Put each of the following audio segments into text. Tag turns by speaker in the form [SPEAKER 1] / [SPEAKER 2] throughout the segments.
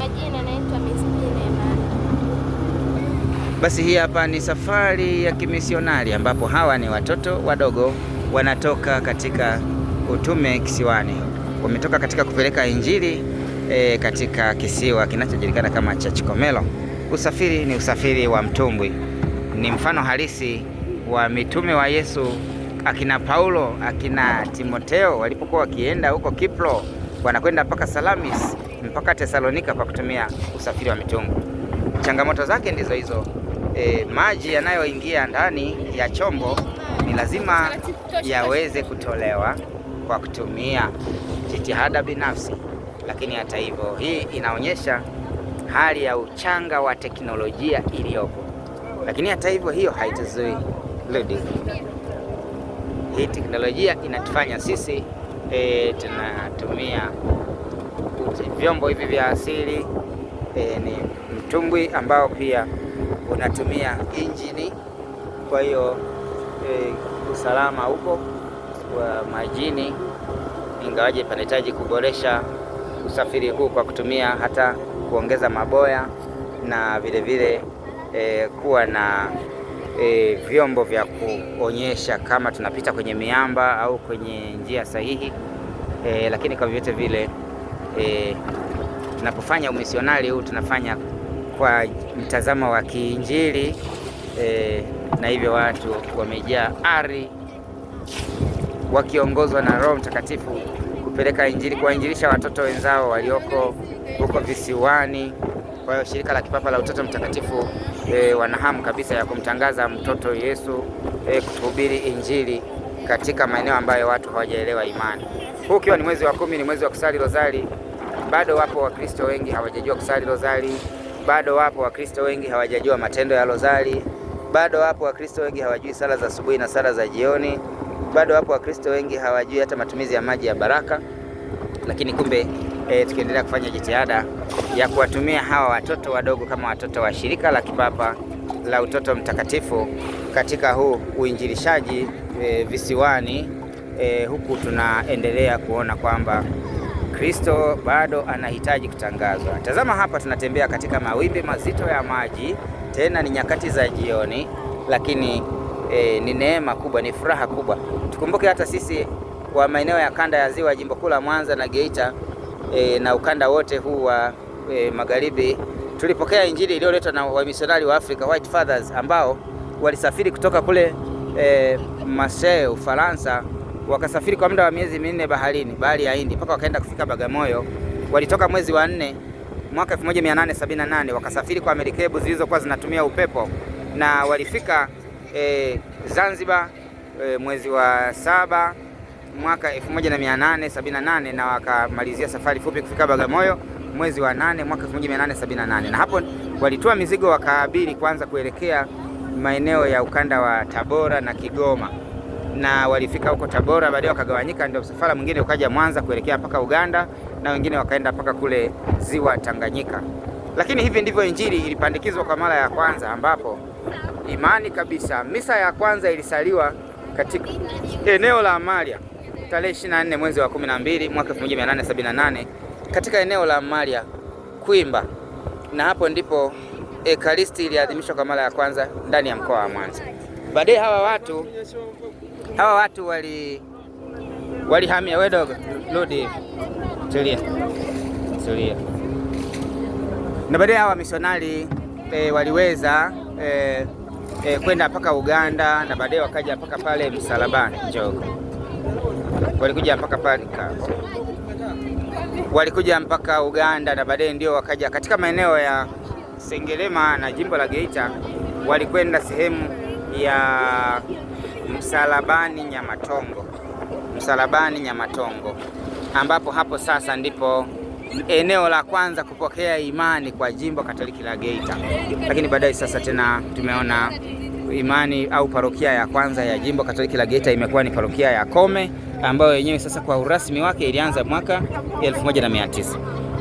[SPEAKER 1] Majina naitwa
[SPEAKER 2] basi. Hii hapa ni safari ya kimisionari ambapo hawa ni watoto wadogo wanatoka katika utume kisiwani, wametoka katika kupeleka Injili e, katika kisiwa kinachojulikana kama cha Chikomelo. Usafiri ni usafiri wa mtumbwi, ni mfano halisi wa mitume wa Yesu akina Paulo akina Timoteo walipokuwa wakienda huko Kipro wanakwenda mpaka Salamis mpaka Tesalonika kwa kutumia usafiri wa mitungu. Changamoto zake ndizo hizo e, maji yanayoingia ndani ya chombo ni lazima yaweze kutolewa kwa kutumia jitihada binafsi, lakini hata hivyo, hii inaonyesha hali ya uchanga wa teknolojia iliyopo. Lakini hata hivyo, hiyo haituzui Ludwig. Hii teknolojia inatufanya sisi e, tunatumia vyombo hivi vya asili e, ni mtumbwi ambao pia unatumia injini. Kwa hiyo e, usalama huko wa majini, ingawaje panahitaji kuboresha usafiri huu kwa kutumia hata kuongeza maboya na vilevile vile, e, kuwa na e, vyombo vya kuonyesha kama tunapita kwenye miamba au kwenye njia sahihi e, lakini kwa vyovyote vile e, tunapofanya umisionari huu tunafanya kwa mtazamo wa kiinjili e, na hivyo watu wamejaa ari wakiongozwa na Roho Mtakatifu kupeleka injili, kuwainjilisha watoto wenzao walioko huko visiwani. Kwa hiyo shirika la kipapa la Utoto Mtakatifu e, wanahamu kabisa ya kumtangaza mtoto Yesu e, kuhubiri injili katika maeneo ambayo watu hawajaelewa imani. Huu ukiwa ni mwezi wa kumi, ni mwezi wa kusali rozari. Bado wapo Wakristo wengi hawajajua kusali rozari, bado wapo Wakristo wengi hawajajua matendo ya rozari, bado wapo Wakristo wengi hawajui sala za asubuhi na sala za jioni, bado wapo Wakristo wengi hawajui hata matumizi ya maji ya baraka, lakini kumbe e, tukiendelea kufanya jitihada ya kuwatumia hawa watoto wadogo kama watoto wa shirika la kipapa la utoto mtakatifu katika huu uinjilishaji e, visiwani e, huku tunaendelea kuona kwamba Kristo bado anahitaji kutangazwa. Tazama hapa, tunatembea katika mawimbi mazito ya maji, tena ni nyakati za jioni, lakini e, ni neema kubwa, ni furaha kubwa. Tukumbuke hata sisi wa maeneo ya kanda ya Ziwa, jimbo kuu la Mwanza na Geita e, na ukanda wote huu wa e, magharibi tulipokea injili iliyoletwa na wamisionari wa Africa White Fathers ambao walisafiri kutoka kule e, Marseille Ufaransa, wakasafiri kwa muda wa miezi minne baharini, bahari ya Hindi mpaka wakaenda kufika Bagamoyo. Walitoka mwezi wa nne mwaka 1878 wakasafiri kwa merikebu zilizokuwa zinatumia upepo na walifika e, Zanzibar e, mwezi wa saba mwaka 1878 na wakamalizia safari fupi kufika Bagamoyo mwezi wa nane mwaka 1878, na hapo walitoa mizigo wakaabiri kwanza kuelekea maeneo ya ukanda wa Tabora na Kigoma, na walifika huko Tabora, baadaye wakagawanyika, ndio msafara mwingine ukaja Mwanza kuelekea mpaka Uganda, na wengine wakaenda mpaka kule ziwa Tanganyika. Lakini hivi ndivyo injili ilipandikizwa kwa mara ya kwanza, ambapo imani kabisa, misa ya kwanza ilisaliwa katika eneo la Amalia tarehe 24 mwezi wa 12 mwaka 1878 katika eneo la Maria Kwimba, na hapo ndipo Ekaristi iliadhimishwa kwa mara ya kwanza ndani ya mkoa wa Mwanza. Baadaye hawa watu hawa watu wali walihamia. wedogo dogo, rudi, tulia, tulia. Na baadaye hawa misionari e, waliweza e, e, kwenda mpaka Uganda na baadaye wakaja mpaka pale msalabani Njombe walikuja mpaka pale walikuja mpaka Uganda na baadaye ndio wakaja katika maeneo ya Sengerema na jimbo la Geita, walikwenda sehemu ya Msalabani Nyamatongo, Msalabani Nyamatongo, ambapo hapo sasa ndipo eneo la kwanza kupokea imani kwa jimbo Katoliki la Geita. Lakini baadaye sasa tena tumeona imani au parokia ya kwanza ya jimbo Katoliki la Geita imekuwa ni parokia ya Kome ambayo yenyewe sasa kwa urasmi wake ilianza mwaka 1900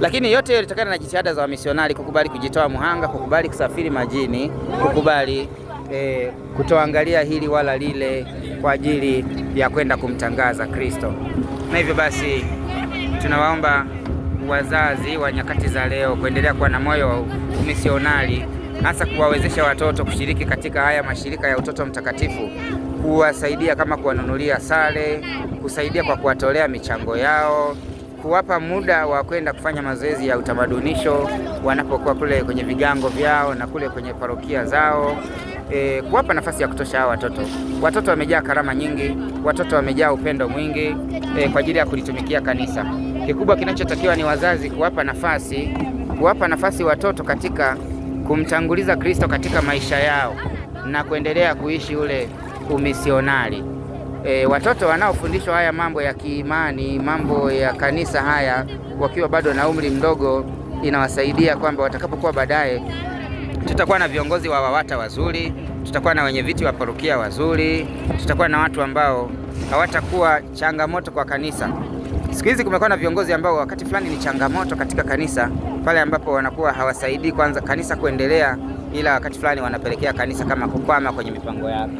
[SPEAKER 2] lakini yote yalitokana na jitihada za wamisionari kukubali kujitoa muhanga, kukubali kusafiri majini, kukubali eh, kutoangalia hili wala lile kwa ajili ya kwenda kumtangaza Kristo. Na hivyo basi tunawaomba wazazi wa nyakati za leo kuendelea kuwa na moyo wa umisionari, hasa kuwawezesha watoto kushiriki katika haya mashirika ya utoto mtakatifu kuwasaidia kama kuwanunulia sare, kusaidia kwa kuwatolea michango yao, kuwapa muda wa kwenda kufanya mazoezi ya utamadunisho wanapokuwa kule kwenye vigango vyao na kule kwenye parokia zao. E, kuwapa nafasi ya kutosha hawa watoto. Watoto wamejaa karama nyingi, watoto wamejaa upendo mwingi e, kwa ajili ya kulitumikia kanisa. Kikubwa kinachotakiwa ni wazazi kuwapa nafasi, kuwapa nafasi watoto katika kumtanguliza Kristo katika maisha yao na kuendelea kuishi ule umisionari. E, watoto wanaofundishwa haya mambo ya kiimani, mambo ya kanisa haya wakiwa bado na umri mdogo, inawasaidia kwamba watakapokuwa baadaye, tutakuwa na viongozi wa WAWATA wazuri, tutakuwa na wenye viti wa parokia wazuri, tutakuwa na watu ambao hawatakuwa changamoto kwa kanisa. Siku hizi kumekuwa na viongozi ambao wakati fulani ni changamoto katika kanisa, pale ambapo wanakuwa hawasaidii kwanza kanisa kuendelea, ila wakati fulani wanapelekea kanisa kama kukwama kwenye mipango yake.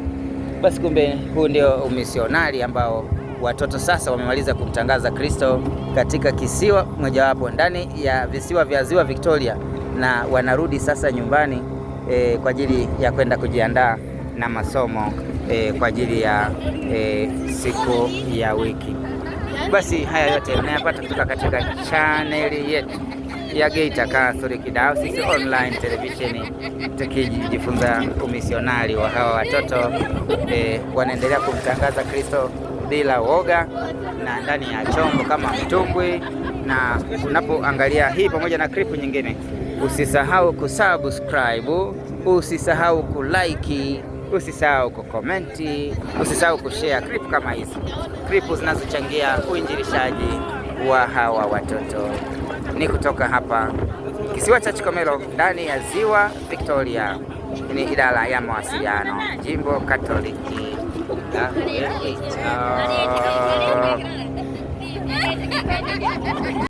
[SPEAKER 2] Basi kumbe huu ndio umisionari ambao watoto sasa wamemaliza kumtangaza Kristo katika kisiwa mojawapo ndani ya visiwa vya ziwa Victoria, na wanarudi sasa nyumbani e, kwa ajili ya kwenda kujiandaa na masomo e, kwa ajili ya e, siku ya wiki. Basi haya yote unayapata kutoka katika chaneli yetu ya Geita Kasuri Kidao. Sisi online televisheni tukijifunza umisionari wa hawa watoto e, wanaendelea kumtangaza Kristo bila woga na ndani ya chombo kama mtumbwi. Na unapoangalia hii pamoja na klipu nyingine, usisahau kusubscribe, usisahau kulike usisahau kukomenti, usisahau kushare clip kama hizi, clip zinazochangia uinjilishaji wa hawa watoto ni kutoka hapa kisiwa cha Chikomelo ndani ya ziwa Victoria. Ni idara ya mawasiliano jimbo Katoliki